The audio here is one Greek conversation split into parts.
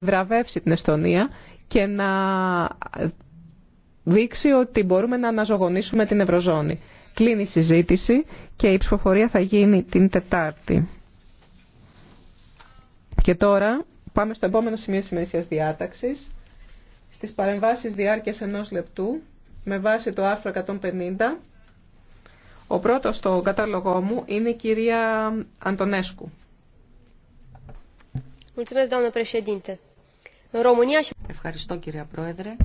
βραβεύσει την Εστονία και να δείξει ότι μπορούμε να αναζωογονήσουμε την Ευρωζώνη. Κλείνει η συζήτηση και η ψηφοφορία θα γίνει την Τετάρτη. Και τώρα πάμε στο επόμενο σημείο της ημερησίας διάταξης. Στις παρεμβάσεις διάρκειας ενός λεπτού, με βάση το άρθρο 150, ο πρώτος στο κατάλογό μου είναι η κυρία Αντωνέσκου. Ευχαριστώ κυρία Πρόεδρε.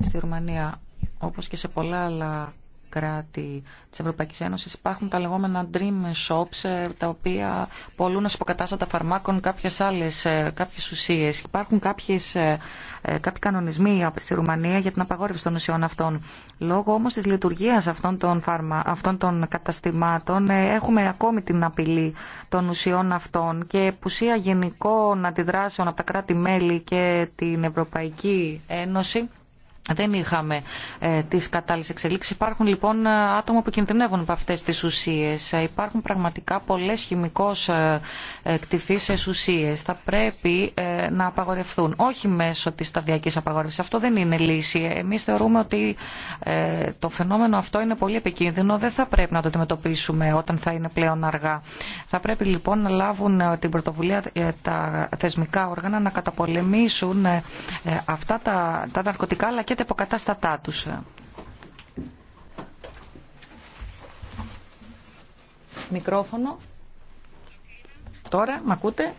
Στη Ρουμανία, όπως και σε πολλά άλλα κράτη της Ευρωπαϊκής Ένωσης υπάρχουν τα λεγόμενα dream shops ε, τα οποία πολλούν ως υποκατάστατα φαρμάκων κάποιες άλλες ε, κάποιες ουσίες. Υπάρχουν κάποιες, ε, κάποιοι κανονισμοί στη Ρουμανία για την απαγόρευση των ουσιών αυτών. Λόγω όμως της λειτουργίας αυτών των, φαρμα, αυτών των καταστημάτων έχουμε ακόμη την απειλή των ουσιών αυτών και πουσία γενικών αντιδράσεων από τα κράτη-μέλη και την Ευρωπαϊκή Ένωση δεν είχαμε ε, τις κατάλληλες εξελίξεις. Υπάρχουν λοιπόν ε, άτομα που κινδυνεύουν από αυτές τις ουσίες. Ε, υπάρχουν πραγματικά πολλές χημικώς ε, ε κτηθείς ουσίες. Θα πρέπει να απαγορευτούν. Όχι μέσω της σταδιακής απαγόρευσης. Αυτό δεν είναι λύση. Εμείς θεωρούμε ότι ε, το φαινόμενο αυτό είναι πολύ επικίνδυνο. Δεν θα πρέπει να το αντιμετωπίσουμε όταν θα είναι πλέον αργά. Θα πρέπει λοιπόν να λάβουν ε, την πρωτοβουλία ε, τα θεσμικά όργανα να καταπολεμήσουν αυτά τα, τα ναρκωτικά αλλά και τα υποκατάστατά τους. Μικρόφωνο. Τώρα, μ' ακούτε.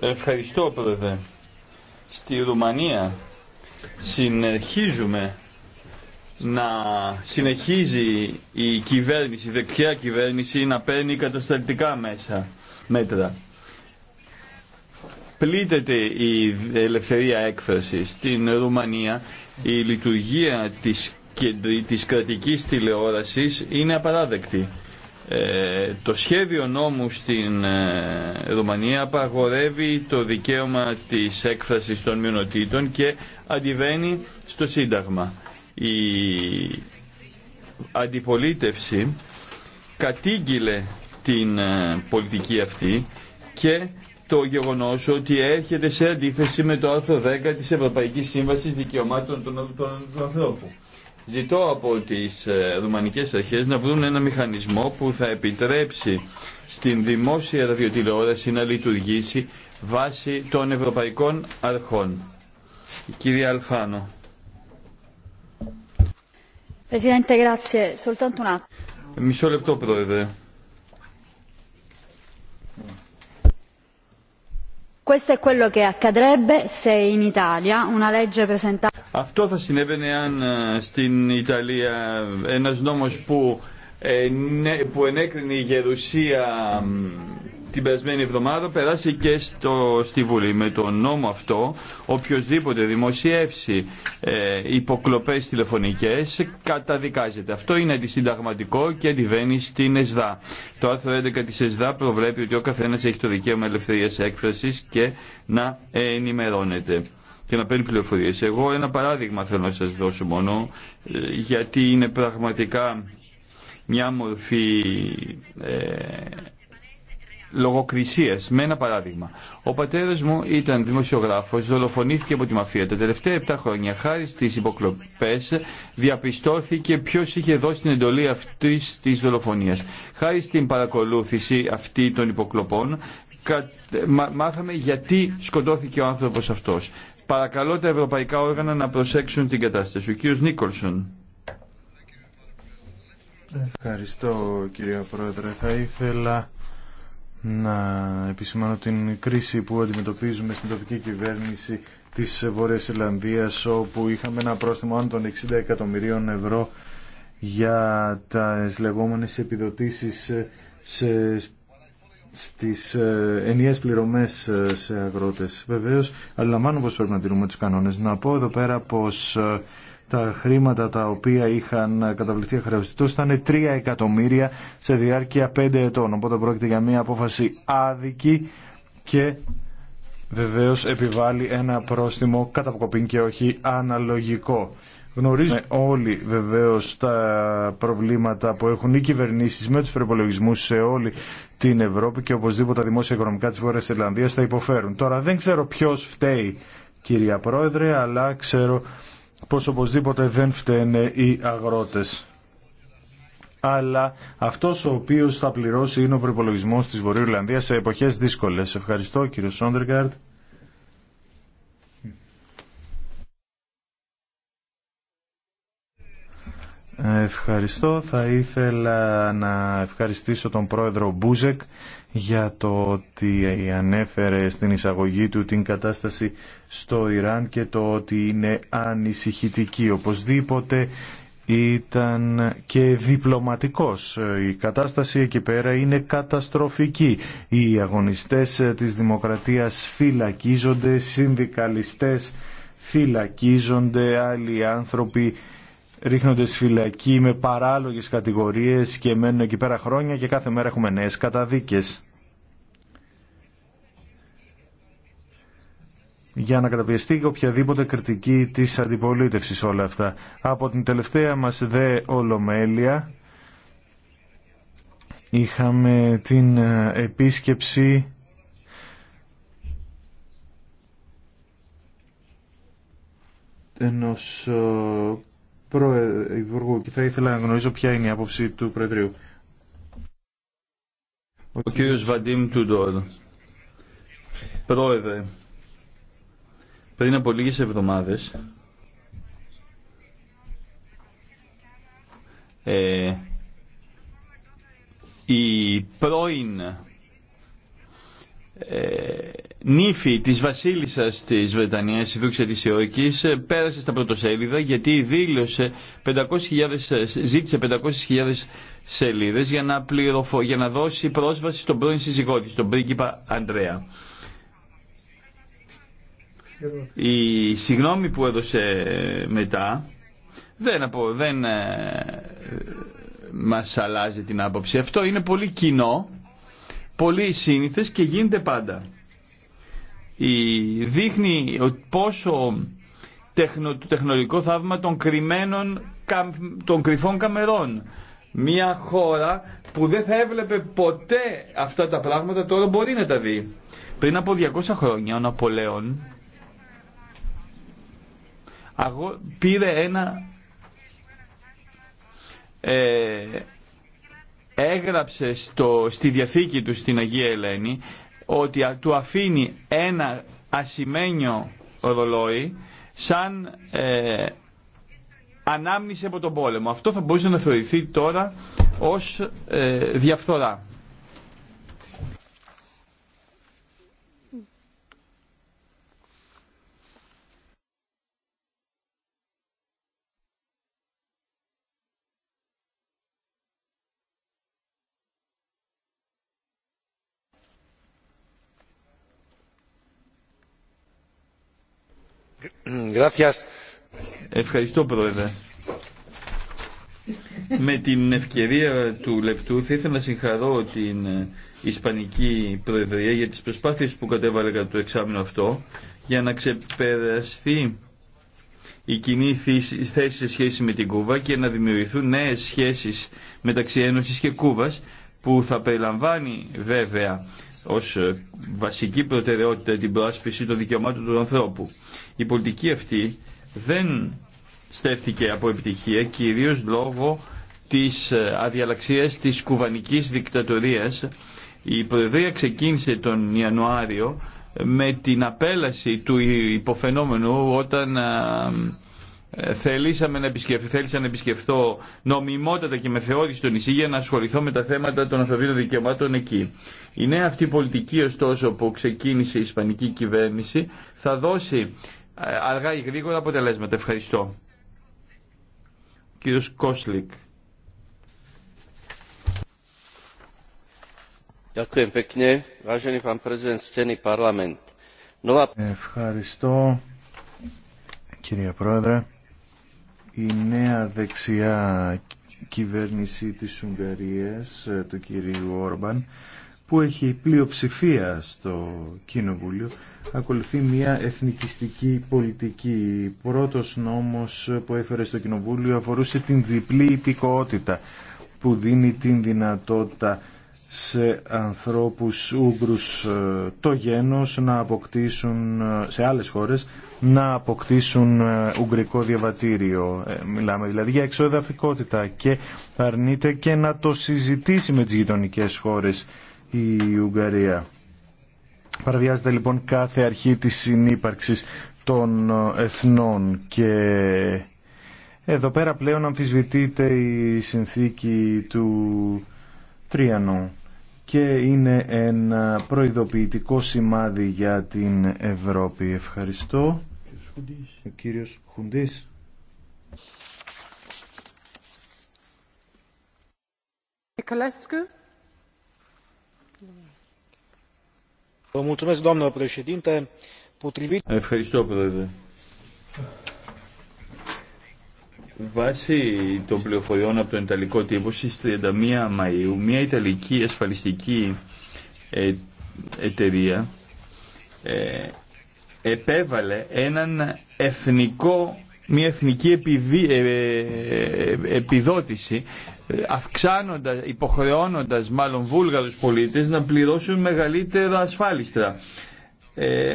Ευχαριστώ πρόεδρε. Στη Ρουμανία συνεχίζουμε να συνεχίζει η κυβέρνηση, η δεξιά κυβέρνηση να παίρνει κατασταλτικά μέσα μέτρα. Πλήττεται η ελευθερία έκφραση. Στην Ρουμανία η λειτουργία της, της κρατικής τηλεόρασης είναι απαράδεκτη. Ε, το σχέδιο νόμου στην ε, Ρουμανία απαγορεύει το δικαίωμα της έκφρασης των μειονοτήτων και αντιβαίνει στο Σύνταγμα. Η αντιπολίτευση κατήγγειλε την ε, πολιτική αυτή και το γεγονός ότι έρχεται σε αντίθεση με το άρθρο 10 της Ευρωπαϊκής Σύμβασης Δικαιωμάτων των, των Ανθρώπων. Ζητώ από τις ε, ρουμανικές αρχές να βρουν ένα μηχανισμό που θα επιτρέψει στην δημόσια ραδιοτηλεόραση να λειτουργήσει βάσει των ευρωπαϊκών αρχών. Κύριε Αλφάνο. Μισό λεπτό, Πρόεδρε. Questo è quello che accadrebbe se in Italia una legge presentata αυτό θα συνέβαινε αν ε, στην Ιταλία ένας νόμος που, ε, ναι, που ενέκρινε η γερουσία την περασμένη εβδομάδα περάσει και στο, στη Βουλή. Με τον νόμο αυτό, οποιοδήποτε δημοσιεύσει ε, υποκλοπές τηλεφωνικές καταδικάζεται. Αυτό είναι αντισυνταγματικό και αντιβαίνει στην ΕΣΔΑ. Το άρθρο 11 της ΕΣΔΑ προβλέπει ότι ο καθένας έχει το δικαίωμα ελευθερίας έκφρασης και να ενημερώνεται και να παίρνει πληροφορίε. Εγώ ένα παράδειγμα θέλω να σα δώσω μόνο, ε, γιατί είναι πραγματικά μια μορφή ε, λογοκρισίας με ένα παράδειγμα. Ο πατέρα μου ήταν δημοσιογράφος, δολοφονήθηκε από τη μαφία. Τα τελευταία 7 χρόνια, χάρη στι υποκλοπε, διαπιστώθηκε ποιο είχε δώσει την εντολή αυτή τη δολοφονία. Χάρη στην παρακολούθηση αυτή των υποκλοπών, ε, μάθαμε γιατί σκοτώθηκε ο άνθρωπος αυτός. Παρακαλώ τα ευρωπαϊκά όργανα να προσέξουν την κατάσταση. Ο κύριος Νίκολσον. Ευχαριστώ κύριε Πρόεδρε. Θα ήθελα να επισημάνω την κρίση που αντιμετωπίζουμε στην τοπική κυβέρνηση της Βόρειας Ιρλανδίας όπου είχαμε ένα πρόστιμο άνω των 60 εκατομμυρίων ευρώ για τα λεγόμενες επιδοτήσεις σε στις ε, ενιαίες πληρωμές ε, σε αγρότες. Βεβαίως, λαμβάνω πως πρέπει να τηρούμε τους κανόνες. Να πω εδώ πέρα πως ε, τα χρήματα τα οποία είχαν καταβληθεί αχρεωστητός ήταν 3 εκατομμύρια σε διάρκεια 5 ετών. Οπότε πρόκειται για μια απόφαση άδικη και βεβαίως επιβάλλει ένα πρόστιμο καταποκοπήν και όχι αναλογικό. Γνωρίζουμε ναι. όλοι βεβαίω τα προβλήματα που έχουν οι κυβερνήσει με του προπολογισμού σε όλη την Ευρώπη και οπωσδήποτε τα δημόσια οικονομικά τη Βόρειας Ιρλανδία θα υποφέρουν. Τώρα δεν ξέρω ποιο φταίει κυρία Πρόεδρε, αλλά ξέρω πω οπωσδήποτε δεν φταίνε οι αγρότε. Αλλά αυτό ο οποίο θα πληρώσει είναι ο προπολογισμό τη Βορειοϊρλανδίας σε εποχέ δύσκολε. Ευχαριστώ κύριο Σόντεργαρτ. Ευχαριστώ. Θα ήθελα να ευχαριστήσω τον πρόεδρο Μπούζεκ για το ότι ανέφερε στην εισαγωγή του την κατάσταση στο Ιράν και το ότι είναι ανησυχητική. Οπωσδήποτε ήταν και διπλωματικός. Η κατάσταση εκεί πέρα είναι καταστροφική. Οι αγωνιστές της δημοκρατίας φυλακίζονται, συνδικαλιστές φυλακίζονται, άλλοι άνθρωποι ρίχνονται στη φυλακή με παράλογες κατηγορίες και μένουν εκεί πέρα χρόνια και κάθε μέρα έχουμε νέες καταδίκες. για να καταπιεστεί οποιαδήποτε κριτική της αντιπολίτευσης όλα αυτά. Από την τελευταία μας δε ολομέλεια είχαμε την ε, επίσκεψη ενός ε, Υπουργού και θα ήθελα να γνωρίζω ποια είναι η άποψη του Προεδρείου. Ο κύριος Βαντίμ Τουντόρ. Πρόεδρε, πριν από λίγες εβδομάδες ε, η πρώην ε, νύφη της βασίλισσας της Βρετανίας, η δούξα της ε, πέρασε στα πρωτοσέλιδα γιατί δήλωσε 500.000, ε, ζήτησε 500.000 σελίδες για να, πληροφο, για να δώσει πρόσβαση στον πρώην σύζυγό της, τον πρίγκιπα Ανδρέα. Η συγνώμη που έδωσε μετά δεν, απο, δεν μας αλλάζει την άποψη. Αυτό είναι πολύ κοινό πολύ σύνηθες και γίνεται πάντα. Η, δείχνει πόσο τεχνο, το τεχνολογικό θαύμα των κρυμμένων των κρυφών καμερών. Μια χώρα που δεν θα έβλεπε ποτέ αυτά τα πράγματα τώρα μπορεί να τα δει. Πριν από 200 χρόνια ο Ναπολέων πήρε ένα ε, έγραψε στο, στη Διαθήκη του στην Αγία Ελένη ότι του αφήνει ένα ασημένιο ρολόι σαν ε, ανάμνηση από τον πόλεμο. Αυτό θα μπορούσε να θεωρηθεί τώρα ως ε, διαφθορά. Ευχαριστώ πρόεδρε. Με την ευκαιρία του λεπτού θα ήθελα να συγχαρώ την Ισπανική Προεδρία για τις προσπάθειες που κατέβαλε κατά το εξάμεινο αυτό για να ξεπεραστεί η κοινή θέση σε σχέση με την Κούβα και να δημιουργηθούν νέες σχέσεις μεταξύ Ένωσης και Κούβας που θα περιλαμβάνει βέβαια ως ε, βασική προτεραιότητα την προάσπιση των δικαιωμάτων του ανθρώπου. Η πολιτική αυτή δεν στέφθηκε από επιτυχία κυρίως λόγω της ε, αδιαλαξίας της κουβανικής δικτατορίας. Η Προεδρία ξεκίνησε τον Ιανουάριο με την απέλαση του υποφαινόμενου όταν ε, ε, θέλησαμε να επισκεφθώ, θέλησα να επισκεφθώ νομιμότατα και με θεώρηση στο νησί για να ασχοληθώ με τα θέματα των ανθρωπίνων δικαιωμάτων εκεί. Η νέα αυτή πολιτική ωστόσο που ξεκίνησε η Ισπανική κυβέρνηση θα δώσει ε, αργά ή γρήγορα αποτελέσματα. Ευχαριστώ. κύριος Κόσλικ. Ευχαριστώ κύριε Πρόεδρε η νέα δεξιά κυβέρνηση της Ουγγαρίας ε, του κυρίου Όρμπαν που έχει πλειοψηφία στο Κοινοβούλιο ακολουθεί μια εθνικιστική πολιτική. Πρώτος νόμος που έφερε στο Κοινοβούλιο αφορούσε την διπλή υπηκότητα που δίνει την δυνατότητα σε ανθρώπους Ούγγρους ε, το γένος να αποκτήσουν ε, σε άλλες χώρες να αποκτήσουν ε, ουγγρικό διαβατήριο. Ε, μιλάμε δηλαδή για εξοδαφικότητα και αρνείται και να το συζητήσει με τις γειτονικές χώρες η Ουγγαρία. Παραβιάζεται λοιπόν κάθε αρχή της συνύπαρξης των ε, εθνών και εδώ πέρα πλέον αμφισβητείται η συνθήκη του Τρίανου και είναι ένα προειδοποιητικό σημάδι για την Ευρώπη. Ευχαριστώ. Ο κύριος Χουντής. Ε, Ευχαριστώ, Πρόεδρε. Βάσει των πληροφοριών από τον Ιταλικό τύπο, στις 31 Μαΐου, μια Ιταλική ασφαλιστική ε, εταιρεία ε, επέβαλε έναν εθνικό, μια εθνική ε, επιδότηση αυξάνοντας, υποχρεώνοντας μάλλον βούλγαρους πολίτες να πληρώσουν μεγαλύτερα ασφάλιστρα. Ε,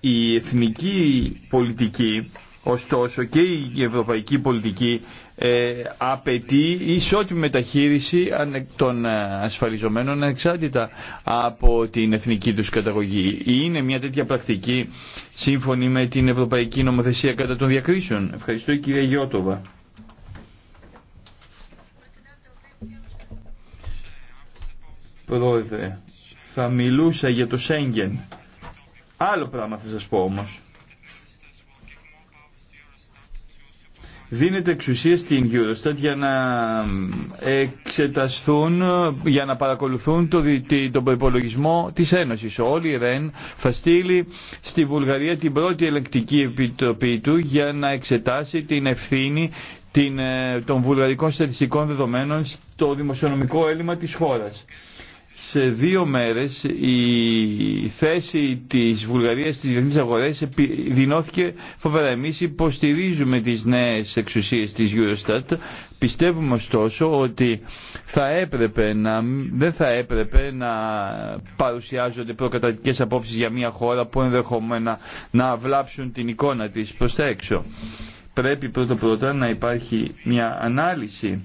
η εθνική πολιτική Ωστόσο και η ευρωπαϊκή πολιτική ε, απαιτεί ισότιμη μεταχείριση των ε, ασφαλιζομένων εξάρτητα από την εθνική τους καταγωγή. Είναι μια τέτοια πρακτική σύμφωνη με την Ευρωπαϊκή Νομοθεσία κατά των διακρίσεων. Ευχαριστώ κυρία Γιώτοβα. Πρόεδρε, θα μιλούσα για το Σέγγεν. Άλλο πράγμα θα σας πω όμως. δίνεται εξουσία στην Eurostat για να εξεταστούν, για να παρακολουθούν το, τον προπολογισμό της Ένωσης. Όλοι η ΡΕΝ θα στείλει στη Βουλγαρία την πρώτη ελεκτική επιτροπή του για να εξετάσει την ευθύνη ε, των βουλγαρικών στατιστικών δεδομένων στο δημοσιονομικό έλλειμμα της χώρας σε δύο μέρες η θέση της Βουλγαρίας στις διεθνείς αγορές δινώθηκε φοβερά. Εμείς υποστηρίζουμε τις νέες εξουσίες της Eurostat. Πιστεύουμε ωστόσο ότι θα έπρεπε να, δεν θα έπρεπε να παρουσιάζονται προκαταρκτικές απόψεις για μια χώρα που ενδεχομένα να βλάψουν την εικόνα της προς τα έξω. Πρέπει πρώτα πρώτα να υπάρχει μια ανάλυση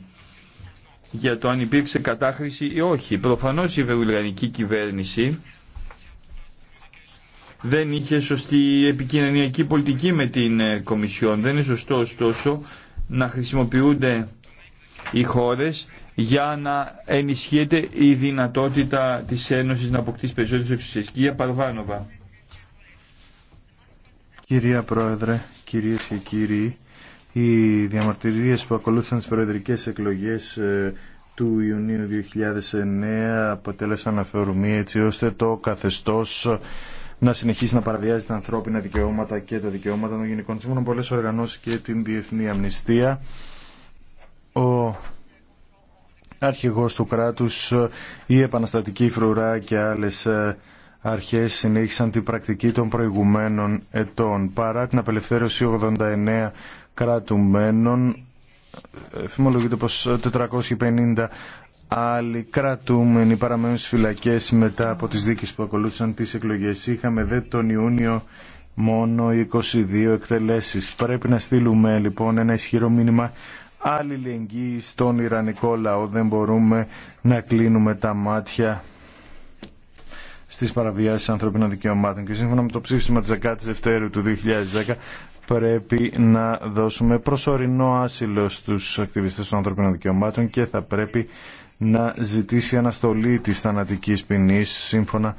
για το αν υπήρξε κατάχρηση ή όχι. Προφανώς η βευγανική βεβουλγανικη κυβερνηση δεν είχε σωστή επικοινωνιακή πολιτική με την ε, Κομισιόν. Δεν είναι σωστό ωστόσο να χρησιμοποιούνται οι χώρες για να ενισχύεται η δυνατότητα της Ένωσης να αποκτήσει περισσότερες εξουσίες. Κυρία Παρβάνοβα. Κυρία Πρόεδρε, κυρίες και κύριοι, οι διαμαρτυρίες που ακολούθησαν τις προεδρικές εκλογές ε, του Ιουνίου 2009 αποτέλεσαν αφορμή έτσι ώστε το καθεστώς να συνεχίσει να παραβιάζει τα ανθρώπινα δικαιώματα και τα δικαιώματα των γενικών σύμφωνα πολλές οργανώσει και την Διεθνή Αμνηστία. Ο αρχηγός του κράτους, η επαναστατική φρουρά και άλλες ε, αρχές συνέχισαν την πρακτική των προηγουμένων ετών. Παρά την απελευθέρωση 89 κρατουμένων φημολογείται πως 450 άλλοι κρατούμενοι παραμένουν στις φυλακές μετά από τις δίκες που ακολούθησαν τις εκλογές. Είχαμε δε τον Ιούνιο μόνο 22 εκτελέσεις. Πρέπει να στείλουμε λοιπόν ένα ισχυρό μήνυμα αλληλεγγύη στον Ιρανικό λαό. Δεν μπορούμε να κλείνουμε τα μάτια στις παραβιάσεις ανθρωπίνων δικαιωμάτων. Και σύμφωνα με το ψήφισμα της 10 του 2010 πρέπει να δώσουμε προσωρινό άσυλο στους ακτιβιστές των ανθρωπίνων δικαιωμάτων και θα πρέπει να ζητήσει αναστολή της θανατικής ποινή σύμφωνα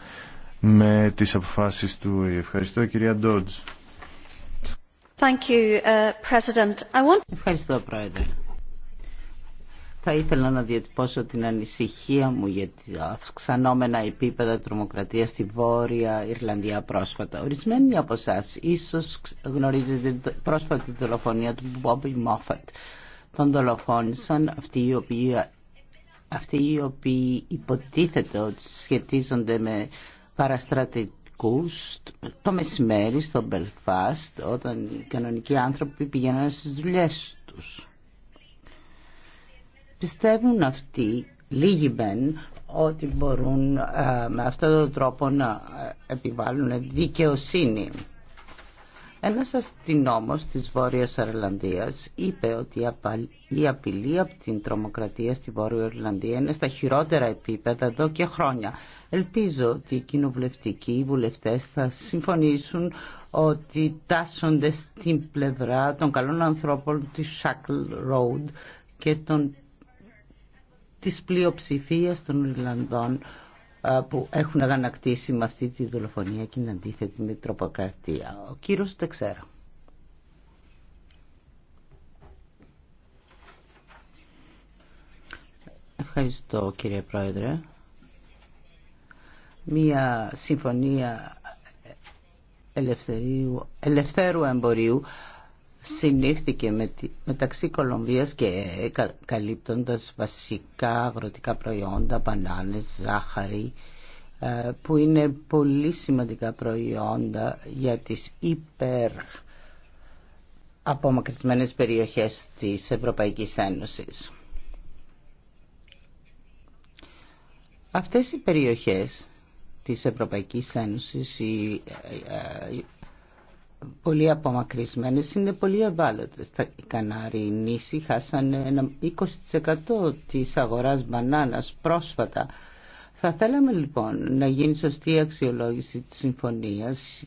με τις αποφάσεις του. Ευχαριστώ κυρία Ντότζ. Uh, Ευχαριστώ Πρόεδρε. Θα ήθελα να διατυπώσω την ανησυχία μου για τα αυξανόμενα επίπεδα τρομοκρατία στη Βόρεια Ιρλανδία πρόσφατα. Ορισμένοι από εσά ίσω γνωρίζετε την πρόσφατη δολοφονία του Μπόμπι Μόφατ. Τον δολοφόνησαν αυτοί οι οποίοι, υποτίθεται ότι σχετίζονται με παραστρατικούς το μεσημέρι στο Μπελφάστ όταν οι κανονικοί άνθρωποι πηγαίνανε στις δουλειές τους. Πιστεύουν αυτοί, λίγοι μεν, ότι μπορούν ε, με αυτόν τον τρόπο να ε, επιβάλλουν δικαιοσύνη. Ένας αστυνόμος της Βόρειας Ιρλανδίας είπε ότι η απειλή από την τρομοκρατία στη Βόρεια Ιρλανδία είναι στα χειρότερα επίπεδα εδώ και χρόνια. Ελπίζω ότι οι κοινοβουλευτικοί οι βουλευτές θα συμφωνήσουν ότι τάσσονται στην πλευρά των καλών ανθρώπων της Shackle Road και των της πλειοψηφίας των Ιρλανδών ε, που έχουν αγανακτήσει με αυτή τη δολοφονία και είναι αντίθετη με τροποκρατία. Ο κύριος Τεξέρα. Ευχαριστώ κύριε Πρόεδρε. Μία συμφωνία ελευθερίου, ελευθέρου εμπορίου συνήφθηκε με τη, μεταξύ Κολομβίας και καλύπτοντας βασικά αγροτικά προϊόντα, μπανάνες, ζάχαρη, ε, που είναι πολύ σημαντικά προϊόντα για τις υπερ απομακρυσμένες περιοχές της Ευρωπαϊκής Ένωσης. Αυτές οι περιοχές της Ευρωπαϊκής Ένωσης, ε, ε, πολύ απομακρυσμένε είναι πολύ Οι Οι Κανάριοι νήσοι χάσανε ένα 20% της αγοράς Μπανάνα πρόσφατα. Θα θέλαμε λοιπόν να γίνει σωστή αξιολόγηση τη συμφωνίας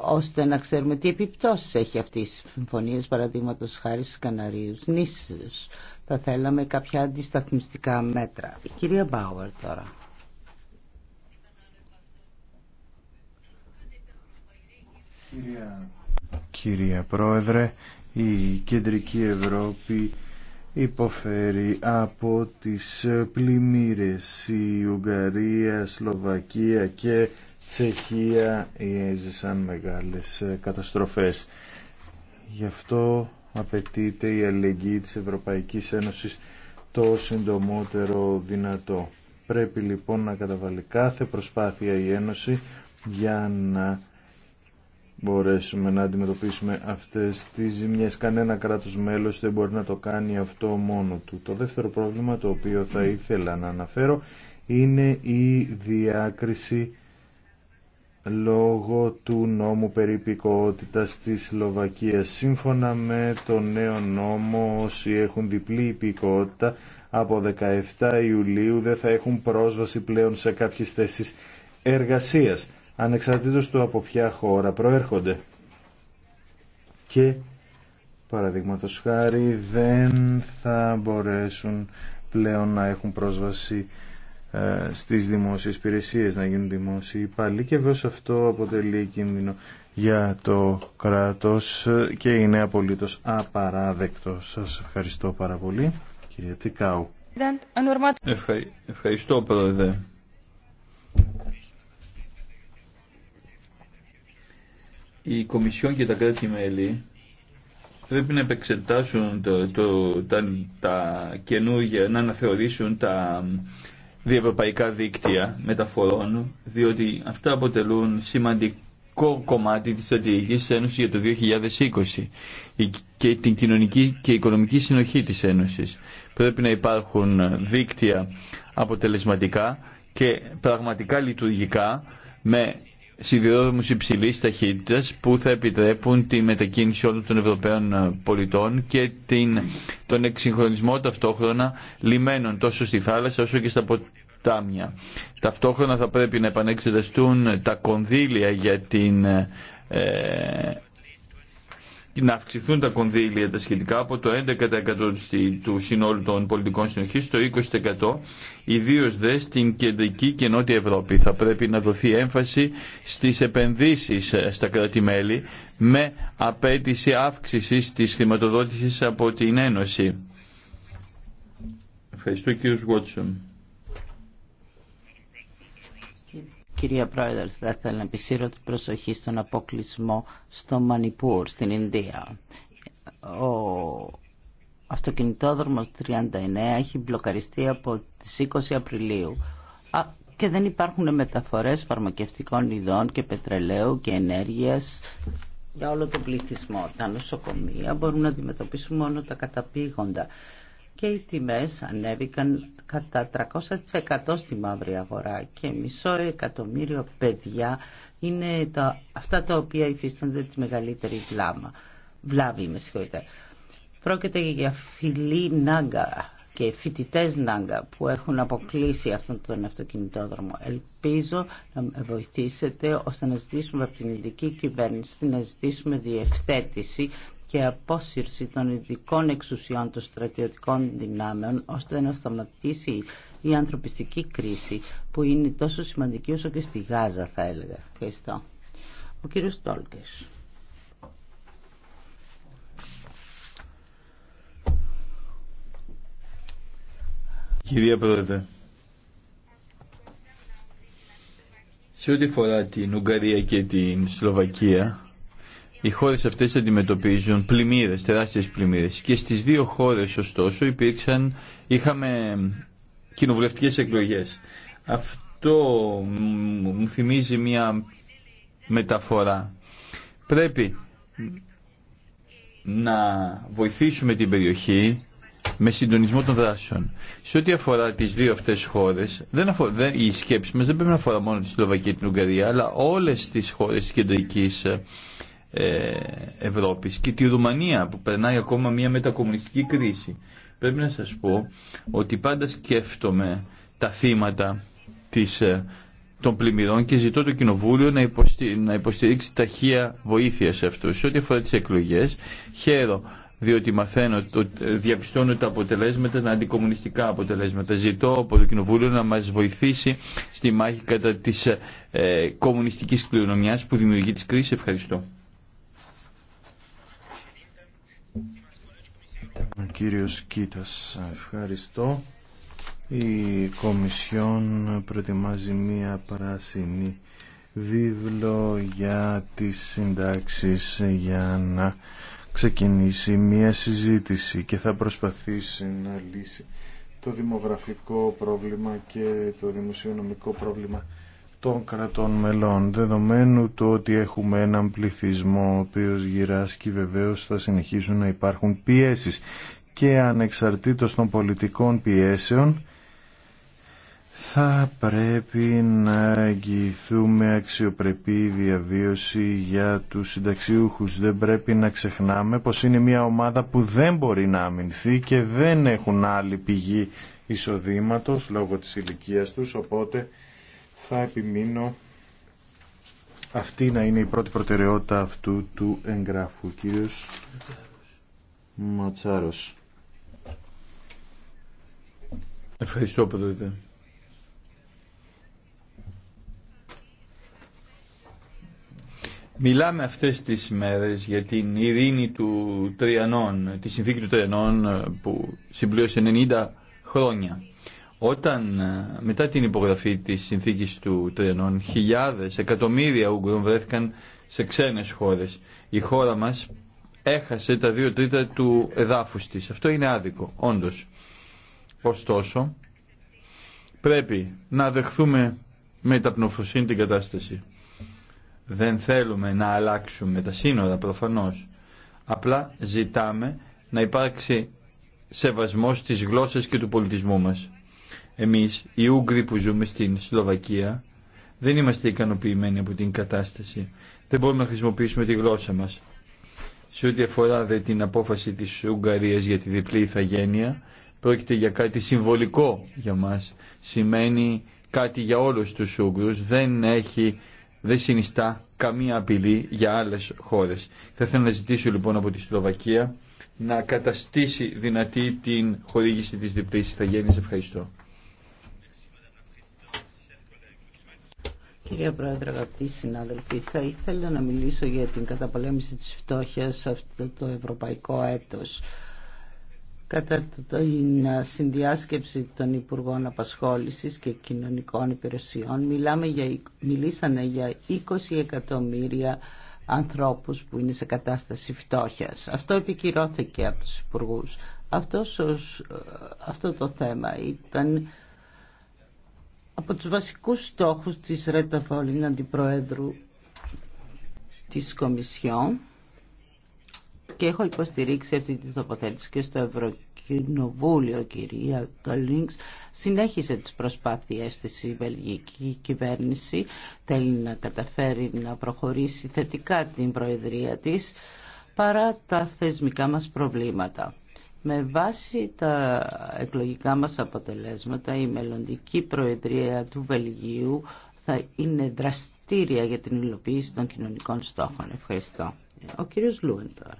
ώστε να ξέρουμε τι επιπτώσεις έχει αυτή η συμφωνία παραδείγματο χάρη στις Καναρίους νήσου. Θα θέλαμε κάποια αντισταθμιστικά μέτρα. Η κυρία Μπάουερ τώρα. Κυρία... Πρόεδρε, η Κεντρική Ευρώπη υποφέρει από τις πλημμύρες. Η Ουγγαρία, Σλοβακία και Τσεχία έζησαν μεγάλες καταστροφές. Γι' αυτό απαιτείται η αλληλεγγύη της Ευρωπαϊκής Ένωσης το συντομότερο δυνατό. Πρέπει λοιπόν να καταβάλει κάθε προσπάθεια η Ένωση για να μπορέσουμε να αντιμετωπίσουμε αυτές τις ζημιές. Κανένα κράτος μέλος δεν μπορεί να το κάνει αυτό μόνο του. Το δεύτερο πρόβλημα το οποίο θα ήθελα να αναφέρω είναι η διάκριση λόγω του νόμου περί υπηκότητας της Σλοβακίας. Σύμφωνα με το νέο νόμο, όσοι έχουν διπλή υπηκότητα από 17 Ιουλίου δεν θα έχουν πρόσβαση πλέον σε κάποιες θέσεις εργασίας ανεξαρτήτως του από ποια χώρα προέρχονται. Και παραδείγματος χάρη δεν θα μπορέσουν πλέον να έχουν πρόσβαση ε, στις δημόσιες υπηρεσίες, να γίνουν δημόσιοι υπάλληλοι και βέβαια αυτό αποτελεί κίνδυνο για το κράτος ε, και είναι απολύτως απαράδεκτο. Σας ευχαριστώ πάρα πολύ, κυρία Τικάου. Ευχαριστώ, Πρόεδρε. η Κομισιόν και τα κράτη-μέλη πρέπει να επεξετάσουν το, το, τα, τα καινούργια, να αναθεωρήσουν τα διευρωπαϊκά δίκτυα μεταφορών, διότι αυτά αποτελούν σημαντικό κομμάτι της Στρατηγικής Ένωσης για το 2020 και την κοινωνική και οικονομική συνοχή της Ένωσης. Πρέπει να υπάρχουν δίκτυα αποτελεσματικά και πραγματικά λειτουργικά με σιδηρόδρομους υψηλής ταχύτητας που θα επιτρέπουν τη μετακίνηση όλων των Ευρωπαίων ε, πολιτών και την, τον εξυγχρονισμό ταυτόχρονα λιμένων τόσο στη θάλασσα όσο και στα ποτάμια. Ταυτόχρονα θα πρέπει να επανεξεταστούν τα κονδύλια για την ε, να αυξηθούν τα κονδύλια τα σχετικά από το 11% του συνόλου των πολιτικών συνοχής στο 20% ιδίως δε στην κεντρική και νότια Ευρώπη. Θα πρέπει να δοθεί έμφαση στις επενδύσεις ε, στα κράτη-μέλη με απέτηση αύξησης της χρηματοδότησης από την Ένωση. Ευχαριστώ κύριος Βότσον. Κυρία Πρόεδρε, θα ήθελα να επισύρω την προσοχή στον αποκλεισμό στο Μανιπούρ, στην Ινδία. Ο αυτοκινητόδρομος 39 έχει μπλοκαριστεί από τις 20 Απριλίου και δεν υπάρχουν μεταφορές φαρμακευτικών ειδών και πετρελαίου και ενέργειας για όλο τον πληθυσμό. Τα νοσοκομεία μπορούν να αντιμετωπίσουν μόνο τα καταπήγοντα και οι τιμές ανέβηκαν κατά 300% στη μαύρη αγορά και μισό εκατομμύριο παιδιά είναι τα, αυτά τα οποία υφίστανται τη μεγαλύτερη βλάμα. βλάβη. Με Πρόκειται για φιλή νάγκα και φοιτητέ νάγκα που έχουν αποκλείσει αυτόν τον αυτοκινητόδρομο. Ελπίζω να με βοηθήσετε ώστε να ζητήσουμε από την ειδική κυβέρνηση να ζητήσουμε διευθέτηση και απόσυρση των ειδικών εξουσιών των στρατιωτικών δυνάμεων ώστε να σταματήσει η ανθρωπιστική κρίση που είναι τόσο σημαντική όσο και στη Γάζα θα έλεγα. Ευχαριστώ. Ο κύριος Τόλκες. Κυρία Πρόεδρε, σε ό,τι φορά την Ουγγαρία και την Σλοβακία, οι χώρες αυτές αντιμετωπίζουν πλημμύρες, τεράστιες πλημμύρες και στις δύο χώρες ωστόσο υπήρξαν, είχαμε κοινοβουλευτικές εκλογές. Αυτό μου θυμίζει μια μεταφορά. Πρέπει να βοηθήσουμε την περιοχή με συντονισμό των δράσεων. Σε ό,τι αφορά τις δύο αυτές χώρε, δεν αφο... δεν... η σκέψη μα δεν πρέπει να αφορά μόνο τη Σλοβακία και την Ουγγαρία, αλλά όλες τις χώρε της κεντρική ε, ε, Ευρώπης και τη Ρουμανία που περνάει ακόμα μια μετακομμουνιστική κρίση. Πρέπει να σας πω ότι πάντα σκέφτομαι τα θύματα της, ε, των πλημμυρών και ζητώ το Κοινοβούλιο να, υποστη, να υποστηρίξει ταχεία βοήθεια σε αυτού. Σε ό,τι αφορά τις εκλογές, χαίρο διότι μαθαίνω, το, διαπιστώνω τα αποτελέσματα, τα αντικομουνιστικά αποτελέσματα. Ζητώ από το Κοινοβούλιο να μας βοηθήσει στη μάχη κατά της ε, κομμουνιστικής κληρονομιάς που δημιουργεί τις κρίσεις. Ευχαριστώ. κύριος Κίτας, ευχαριστώ. Η Κομισιόν προετοιμάζει μία πράσινη βίβλο για τις συντάξεις για να ξεκινήσει μία συζήτηση και θα προσπαθήσει να λύσει το δημογραφικό πρόβλημα και το δημοσιονομικό πρόβλημα των κρατών μελών. Δεδομένου το ότι έχουμε έναν πληθυσμό ο οποίος γυράσκει βεβαίως θα συνεχίσουν να υπάρχουν πιέσεις και ανεξαρτήτως των πολιτικών πιέσεων θα πρέπει να εγγυηθούμε αξιοπρεπή διαβίωση για τους συνταξιούχους. Δεν πρέπει να ξεχνάμε πως είναι μια ομάδα που δεν μπορεί να αμυνθεί και δεν έχουν άλλη πηγή εισοδήματος λόγω της ηλικίας τους, οπότε θα επιμείνω αυτή να είναι η πρώτη προτεραιότητα αυτού του εγγράφου. Κύριος Ματσάρος. Ευχαριστώ, Πρόεδρε. Μιλάμε αυτές τις μέρες για την ειρήνη του Τριανών, τη συνθήκη του Τριανών που συμπλήρωσε 90 χρόνια. Όταν ε, μετά την υπογραφή της συνθήκης του Τρενών, χιλιάδες, εκατομμύρια Ούγγρων βρέθηκαν σε ξένες χώρες. Η χώρα μας έχασε τα δύο τρίτα του εδάφους της. Αυτό είναι άδικο, όντως. Ωστόσο, πρέπει να δεχθούμε με τα ταπνοφροσύνη την κατάσταση. Δεν θέλουμε να αλλάξουμε τα σύνορα προφανώς. Απλά ζητάμε να υπάρξει σεβασμός της γλώσσες και του πολιτισμού μας εμείς οι Ούγγροι που ζούμε στην Σλοβακία δεν είμαστε ικανοποιημένοι από την κατάσταση. Δεν μπορούμε να χρησιμοποιήσουμε τη γλώσσα μας. Σε ό,τι αφορά δε την απόφαση της Ουγγαρίας για τη διπλή ηθαγένεια, πρόκειται για κάτι συμβολικό για μας. Σημαίνει κάτι για όλους τους Ούγγρους, δεν, έχει, δεν συνιστά καμία απειλή για άλλες χώρες. Θα ήθελα να ζητήσω λοιπόν από τη Σλοβακία να καταστήσει δυνατή την χορήγηση της διπλής ηθαγένειας. Ευχαριστώ. Κυρία Πρόεδρε, αγαπητοί συνάδελφοι, θα ήθελα να μιλήσω για την καταπολέμηση της φτώχειας σε αυτό το ευρωπαϊκό έτος. Κατά την συνδιάσκεψη των Υπουργών Απασχόλησης και Κοινωνικών Υπηρεσιών μιλάμε για, μιλήσανε για 20 εκατομμύρια ανθρώπους που είναι σε κατάσταση φτώχειας. Αυτό επικυρώθηκε από τους Υπουργούς. αυτό το θέμα ήταν από τους βασικούς στόχους της Ρέτα Φόλιν Αντιπροέδρου της Κομισιόν και έχω υποστηρίξει αυτή την τοποθέτηση και στο Ευρωκοινοβούλιο κυρία Καλίνξ συνέχισε τις προσπάθειές της η βελγική κυβέρνηση θέλει να καταφέρει να προχωρήσει θετικά την προεδρία της παρά τα θεσμικά μας προβλήματα. Με βάση τα εκλογικά μας αποτελέσματα, η μελλοντική Προεδρία του Βελγίου θα είναι δραστήρια για την υλοποίηση των κοινωνικών στόχων. Ευχαριστώ. Ο κύριος Λούεν τώρα.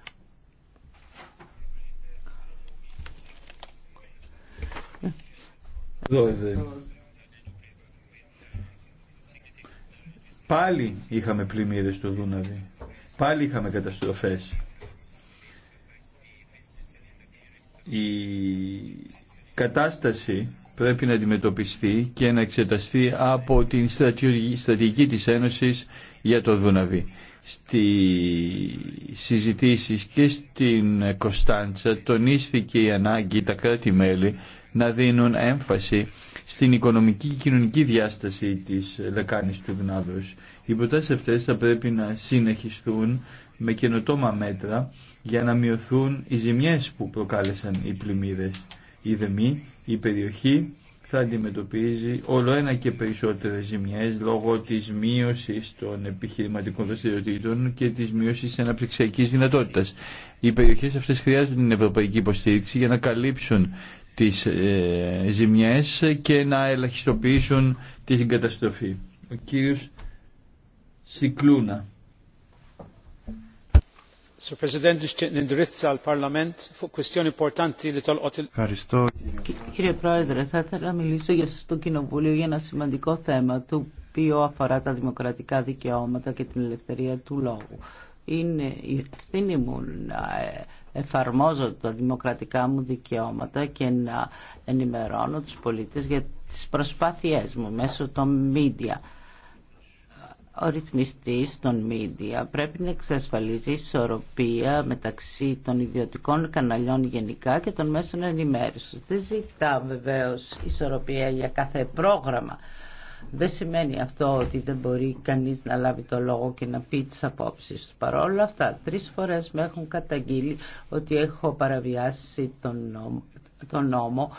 Ε, ε. Πάλι είχαμε πλημμύρες στο Δούναβι. Πάλι είχαμε καταστροφές. Η κατάσταση πρέπει να αντιμετωπιστεί και να εξεταστεί από την στρατηγική της Ένωσης για το Δούναβι. Στη συζητήσεις και στην Κωνσταντσα τονίστηκε η ανάγκη τα κράτη-μέλη να δίνουν έμφαση στην οικονομική και κοινωνική διάσταση της λεκάνης του Δουναβού. Οι προτάσεις αυτές θα πρέπει να συνεχιστούν με καινοτόμα μέτρα για να μειωθούν οι ζημιές που προκάλεσαν οι πλημμύρες. Η δεμή, η περιοχή θα αντιμετωπίζει όλο ένα και περισσότερες ζημιές λόγω της μείωσης των επιχειρηματικών δραστηριοτήτων και της μείωσης της αναπτυξιακής δυνατότητας. Οι περιοχές αυτές χρειάζονται την ευρωπαϊκή υποστήριξη για να καλύψουν τις ε, ζημιές και να ελαχιστοποιήσουν την καταστροφή. Ο κύριος Σικλούνα. Κύριε Πρόεδρε, θα ήθελα να μιλήσω για στο Κοινοβούλιο για ένα σημαντικό θέμα το οποίο αφορά τα δημοκρατικά δικαιώματα και την ελευθερία του λόγου. Είναι η ευθύνη μου να εφαρμόζω τα δημοκρατικά μου δικαιώματα και να ενημερώνω τους πολίτες για τις προσπάθειές μου μέσω των media ο ρυθμιστής των μίντια πρέπει να εξασφαλίζει ισορροπία μεταξύ των ιδιωτικών καναλιών γενικά και των μέσων ενημέρωσης. Δεν ζητά βεβαίως ισορροπία για κάθε πρόγραμμα. Δεν σημαίνει αυτό ότι δεν μπορεί κανείς να λάβει το λόγο και να πει τις απόψεις του. Παρόλα αυτά, τρεις φορές με έχουν καταγγείλει ότι έχω παραβιάσει τον νόμο, τον νόμο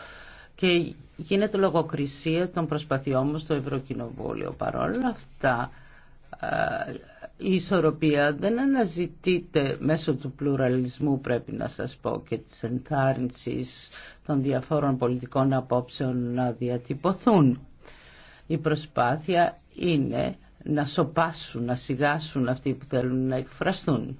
και γίνεται λογοκρισία των προσπαθειών μου στο Ευρωκοινοβούλιο. Παρόλα αυτά, ε, η ισορροπία δεν αναζητείται μέσω του πλουραλισμού πρέπει να σας πω και της ενθάρρυνσης των διαφόρων πολιτικών απόψεων να διατυπωθούν. Η προσπάθεια είναι να σοπάσουν, να σιγάσουν αυτοί που θέλουν να εκφραστούν.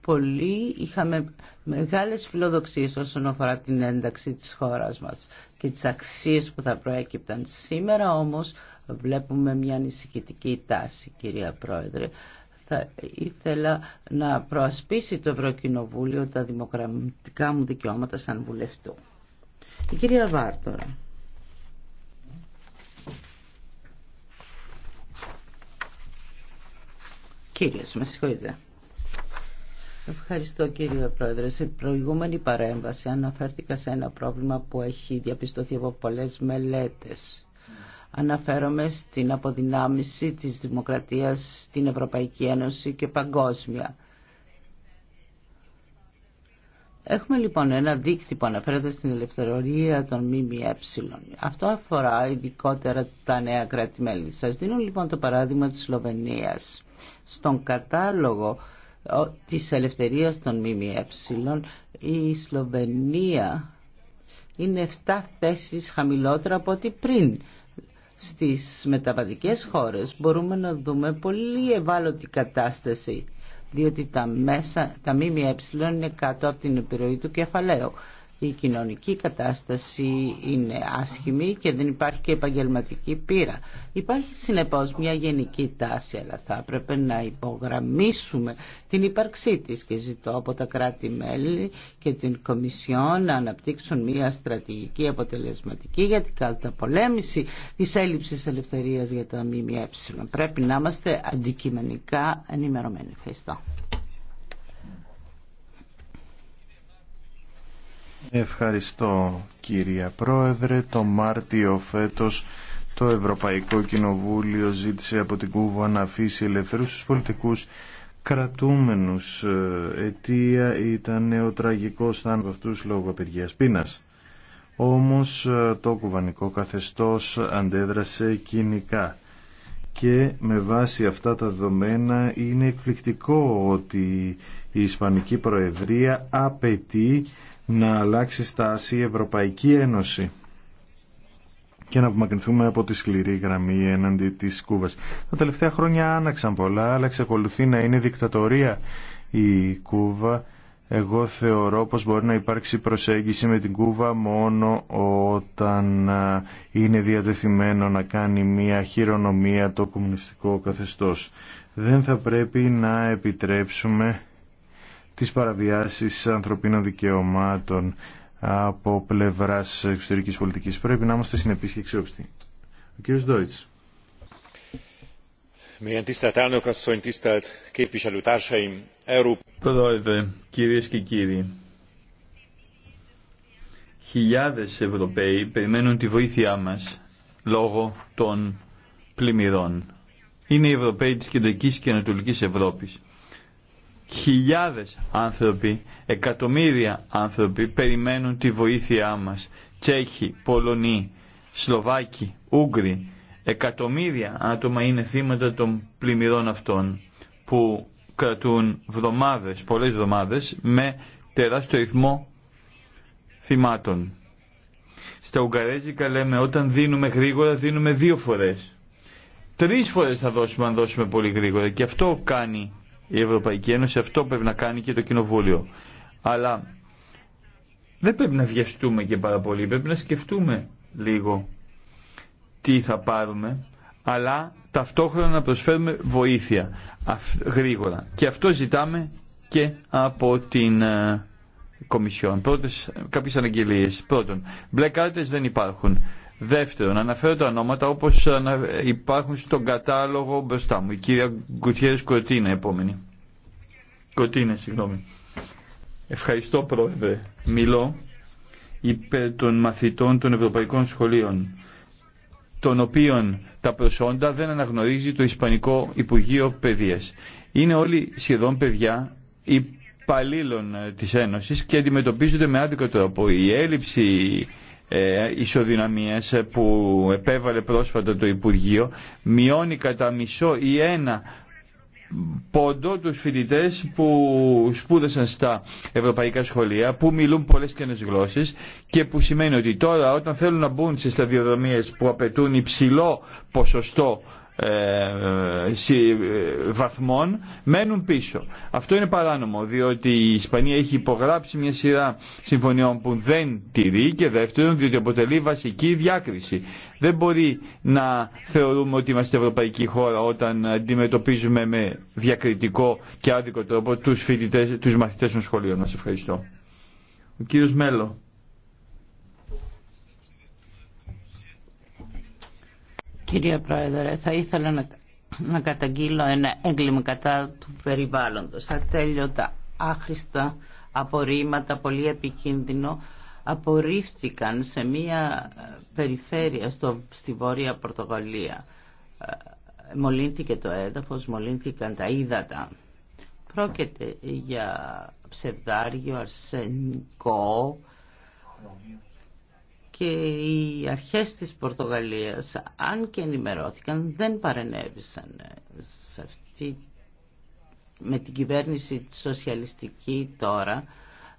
Πολλοί είχαμε μεγάλες φιλοδοξίες όσον αφορά την ένταξη της χώρας μας και τις αξίες που θα προέκυπταν. Σήμερα όμως βλέπουμε μια ανησυχητική τάση, κυρία Πρόεδρε. Θα ήθελα να προασπίσει το Ευρωκοινοβούλιο τα δημοκρατικά μου δικαιώματα σαν βουλευτό. Η κυρία Βάρτορα. Κύριος, με συγχωρείτε. Ευχαριστώ κύριε Πρόεδρε. Σε προηγούμενη παρέμβαση αναφέρθηκα σε ένα πρόβλημα που έχει διαπιστωθεί από πολλές μελέτες Αναφέρομαι στην αποδυνάμιση της δημοκρατίας στην Ευρωπαϊκή Ένωση και παγκόσμια. Έχουμε λοιπόν ένα δίκτυο που αναφέρεται στην ελευθερωρία των ΜΜΕ. Αυτό αφορά ειδικότερα τα νέα κράτη-μέλη. Σας δίνω λοιπόν το παράδειγμα της Σλοβενίας. Στον κατάλογο της ελευθερίας των ΜΜΕ η Σλοβενία είναι 7 θέσεις χαμηλότερα από ό,τι πριν στις μεταβατικές χώρες μπορούμε να δούμε πολύ ευάλωτη κατάσταση διότι τα μέσα, τα ΜΜΕ είναι κάτω από την επιρροή του κεφαλαίου η κοινωνική κατάσταση είναι άσχημη και δεν υπάρχει και επαγγελματική πείρα. Υπάρχει συνεπώς μια γενική τάση, αλλά θα έπρεπε να υπογραμμίσουμε την ύπαρξή της και ζητώ από τα κράτη-μέλη και την Κομισιόν να αναπτύξουν μια στρατηγική αποτελεσματική για την καταπολέμηση της έλλειψης ελευθερίας για το ΜΜΕ. Πρέπει να είμαστε αντικειμενικά ενημερωμένοι. Ευχαριστώ. Ευχαριστώ κυρία Πρόεδρε. Το Μάρτιο φέτος το Ευρωπαϊκό Κοινοβούλιο ζήτησε από την Κούβα να αφήσει ελεύθερους τους πολιτικούς κρατούμενους. Ε, αιτία ήταν ο τραγικός θάνατος αυτούς λόγω απεργίας πείνας. Όμως ε, το κουβανικό καθεστώς αντέδρασε κοινικά και με βάση αυτά τα δεδομένα είναι εκπληκτικό ότι η Ισπανική Προεδρία απαιτεί να αλλάξει στάση η Ευρωπαϊκή Ένωση και να απομακρυνθούμε από τη σκληρή γραμμή έναντι της Κούβας. Τα τελευταία χρόνια άναξαν πολλά, αλλά εξακολουθεί να είναι δικτατορία η Κούβα. Εγώ θεωρώ πως μπορεί να υπάρξει προσέγγιση με την Κούβα μόνο όταν είναι διατεθειμένο να κάνει μια χειρονομία το κομμουνιστικό καθεστώς. Δεν θα πρέπει να επιτρέψουμε τις παραβιάσεις ανθρωπίνων δικαιωμάτων από πλευράς εξωτερικής πολιτικής. Πρέπει να είμαστε συνεπείς και αξιόπιστοι. Ο κύριος Ντόιτς. Πρόεδρε, κυρίες και κύριοι, χιλιάδες Ευρωπαίοι περιμένουν τη βοήθειά μας λόγω των πλημμυρών. Είναι οι Ευρωπαίοι της Κεντρικής και Ανατολικής Ευρώπης χιλιάδες άνθρωποι, εκατομμύρια άνθρωποι περιμένουν τη βοήθειά μας. Τσέχοι, Πολωνοί, Σλοβάκοι, Ούγγροι, εκατομμύρια άτομα είναι θύματα των πλημμυρών αυτών που κρατούν βδομάδες, πολλές βδομάδες με τεράστιο ρυθμό θυμάτων. Στα Ουγγαρέζικα λέμε όταν δίνουμε γρήγορα δίνουμε δύο φορές. Τρεις φορές θα δώσουμε αν δώσουμε πολύ γρήγορα και αυτό κάνει η Ευρωπαϊκή Ένωση, αυτό πρέπει να κάνει και το Κοινοβούλιο. Αλλά δεν πρέπει να βιαστούμε και πάρα πολύ, πρέπει να σκεφτούμε λίγο τι θα πάρουμε, αλλά ταυτόχρονα να προσφέρουμε βοήθεια γρήγορα. Και αυτό ζητάμε και από την ε, Κομισιόν. Πρώτες, κάποιες αναγγελίες. Πρώτον, μπλε κάρτες δεν υπάρχουν. Δεύτερον, αναφέρω τα ονόματα όπως υπάρχουν στον κατάλογο μπροστά μου. Η κυρία Γκουτιέρης Κοτίνα, επόμενη. Κοτίνα, συγγνώμη. Ευχαριστώ, Πρόεδρε. Μιλώ υπέρ των μαθητών των Ευρωπαϊκών Σχολείων, των οποίων τα προσόντα δεν αναγνωρίζει το Ισπανικό Υπουργείο Παιδείας. Είναι όλοι σχεδόν παιδιά υπαλλήλων ε, της Ένωσης και αντιμετωπίζονται με άδικο τρόπο. Η έλλειψη ε, που επέβαλε πρόσφατα το Υπουργείο μειώνει κατά μισό ή ένα ποντό τους φοιτητές που σπούδασαν στα ευρωπαϊκά σχολεία, που μιλούν πολλές καινές γλώσσες και που σημαίνει ότι τώρα όταν θέλουν να μπουν σε σταδιοδρομίες που απαιτούν υψηλό ποσοστό ε, ε, βαθμών μένουν πίσω. Αυτό είναι παράνομο διότι η Ισπανία έχει υπογράψει μια σειρά συμφωνιών που δεν τηρεί και δεύτερον διότι αποτελεί βασική διάκριση. Δεν μπορεί να θεωρούμε ότι είμαστε ευρωπαϊκή χώρα όταν αντιμετωπίζουμε με διακριτικό και άδικο τρόπο τους, φοιτητές, τους μαθητές των σχολείων Σας Ευχαριστώ. Ο κύριος Μέλλο. Κυρία Πρόεδρε, θα ήθελα να, να καταγγείλω ένα έγκλημα κατά του περιβάλλοντος. Τα τέλειωτα άχρηστα απορρίμματα, πολύ επικίνδυνο, απορρίφθηκαν σε μία ε, περιφέρεια στο, στη Βόρεια Πορτογαλία. Ε, μολύνθηκε το έδαφος, μολύνθηκαν τα ύδατα. Πρόκειται για ψευδάριο, αρσενικό, και οι αρχές της Πορτογαλίας, αν και ενημερώθηκαν, δεν παρενέβησαν σε αυτή, με την κυβέρνηση τη σοσιαλιστική τώρα.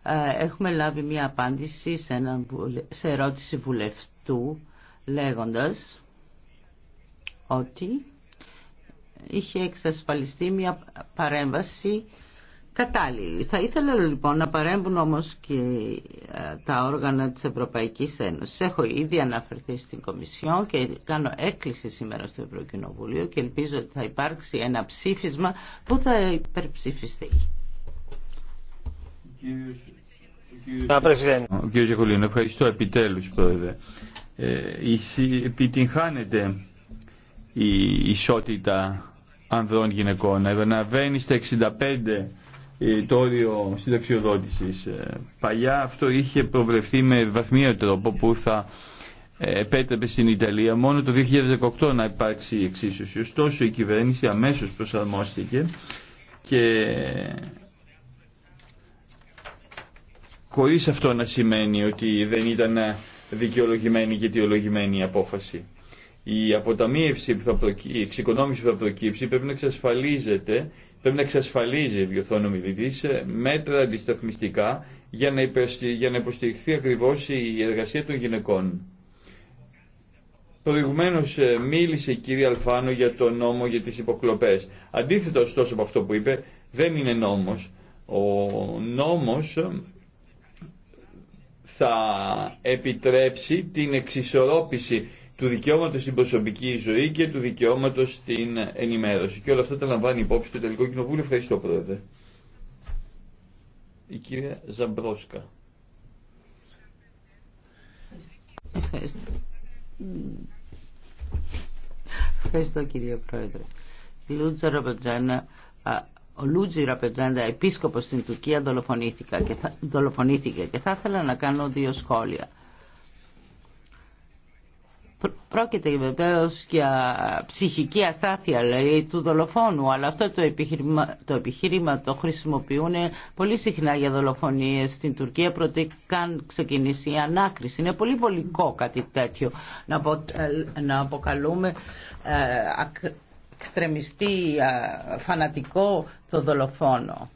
Ε, έχουμε λάβει μια απάντηση σε, σε ερώτηση βουλευτού λέγοντας ότι είχε εξασφαλιστεί μια παρέμβαση κατάλληλη. Θα ήθελα λοιπόν να παρέμβουν όμως και ε, τα όργανα της Ευρωπαϊκής Ένωσης. Έχω ήδη αναφερθεί στην Κομισιόν και κάνω έκκληση σήμερα στο Ευρωκοινοβουλίο και ελπίζω ότι θα υπάρξει ένα ψήφισμα που θα υπερψηφιστεί. Ο κύριος ευχαριστώ επιτέλους πρόεδρε. Ε, επιτυγχάνεται η ισότητα ανδρών γυναικών. ευαναβαίνει στα 65 ε, το όριο συνταξιοδότησης. Ε, παλιά αυτό είχε προβλεφθεί με βαθμίο τρόπο που θα ε, επέτρεπε στην Ιταλία μόνο το 2018 να υπάρξει η εξίσωση. Ωστόσο η κυβέρνηση αμέσως προσαρμόστηκε και χωρίς αυτό να σημαίνει ότι δεν ήταν δικαιολογημένη και αιτιολογημένη η απόφαση. Η αποταμίευση που θα η εξοικονόμηση που θα προκύψει πρέπει να εξασφαλίζεται Πρέπει να εξασφαλίζει, η οθόνη ε, μέτρα αντισταθμιστικά για να, για να υποστηριχθεί ακριβώ η εργασία των γυναικών. Προηγουμένω ε, μίλησε η κυρία Αλφάνο για το νόμο για τι υποκλοπές. Αντίθετα, ωστόσο, από αυτό που είπε, δεν είναι νόμο. Ο νόμος ε, θα επιτρέψει την εξισορρόπηση του δικαιώματο στην προσωπική ζωή και του δικαιώματο στην ενημέρωση. Και όλα αυτά τα λαμβάνει υπόψη το τελικό κοινοβούλιο. Ευχαριστώ πρόεδρε. Η κυρία Ζαμπρόσκα. Ευχαριστώ. Ευχαριστώ κύριε Πρόεδρε. Λούτζα ο Λούτζι Ραπετζάντα, επίσκοπος στην Τουρκία, δολοφονήθηκε και θα ήθελα να κάνω δύο σχόλια. Πρόκειται βεβαίω για ψυχική αστάθεια λέει, του δολοφόνου, αλλά αυτό το επιχείρημα, το επιχείρημα το χρησιμοποιούν πολύ συχνά για δολοφονίες στην Τουρκία πρωτοί καν ξεκινήσει η ανάκριση. Είναι πολύ βολικό κάτι τέτοιο να, ε, να αποκαλούμε ε, εξτρεμιστή, ε, φανατικό το δολοφόνο.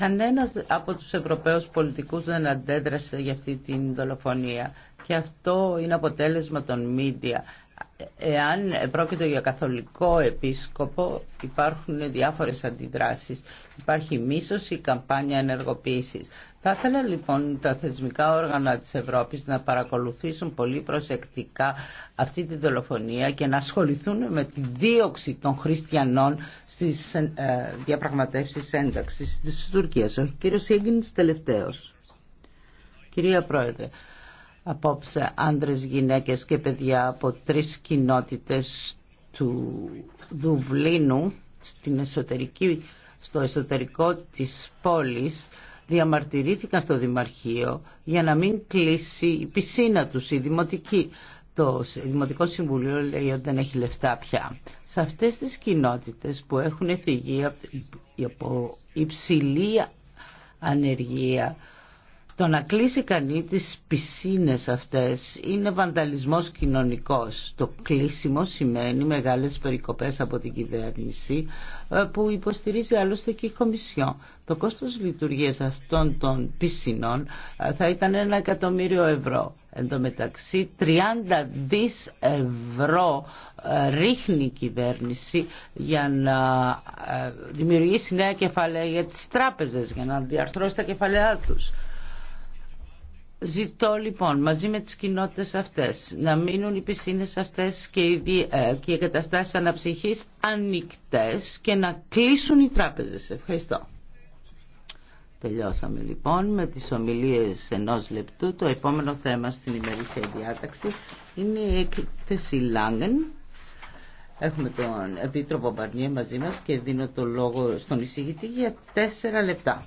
Κανένας από τους Ευρωπαίους πολιτικούς δεν αντέδρασε για αυτή την δολοφονία και αυτό είναι αποτέλεσμα των μίντια εάν πρόκειται για καθολικό επίσκοπο υπάρχουν διάφορες αντιδράσεις. Υπάρχει μίσος ή καμπάνια ενεργοποίησης. Θα ήθελα λοιπόν τα θεσμικά όργανα της Ευρώπης να παρακολουθήσουν πολύ προσεκτικά αυτή τη δολοφονία και να ασχοληθούν με τη δίωξη των χριστιανών στις ε, διαπραγματεύσεις ένταξης της Τουρκίας. Ο κύριος Higgins τελευταίος. Κυρία Πρόεδρε, απόψε άντρες, γυναίκες και παιδιά από τρεις κοινότητες του Δουβλίνου στην εσωτερική, στο εσωτερικό της πόλης διαμαρτυρήθηκαν στο Δημαρχείο για να μην κλείσει η πισίνα τους, η δημοτική. Το Δημοτικό Συμβουλίο λέει ότι δεν έχει λεφτά πια. Σε αυτές τις κοινότητες που έχουν φυγεί από υψηλή ανεργία, το να κλείσει κανεί τις πισίνες αυτές είναι βανταλισμός κοινωνικός. Το κλείσιμο σημαίνει μεγάλες περικοπές από την κυβέρνηση ε, που υποστηρίζει άλλωστε και η Κομισιό. Το κόστος λειτουργίας αυτών των πισινών ε, θα ήταν ένα εκατομμύριο ευρώ. Εν τω μεταξύ 30 δις ευρώ ε, ρίχνει η κυβέρνηση για να δημιουργήσει νέα κεφαλαία για τις τράπεζες, για να διαρθρώσει τα κεφαλαία τους. Ζητώ λοιπόν μαζί με τις κοινότητες αυτές να μείνουν οι πισίνες αυτές και οι, δι... Ε, και οι αναψυχής ανοιχτές και να κλείσουν οι τράπεζες. Ευχαριστώ. Τελειώσαμε λοιπόν με τις ομιλίες ενός λεπτού. Το επόμενο θέμα στην ημερήσια διάταξη είναι η έκθεση Λάγκεν. Έχουμε τον Επίτροπο Μπαρνιέ μαζί μας και δίνω το λόγο στον εισηγητή για τέσσερα λεπτά.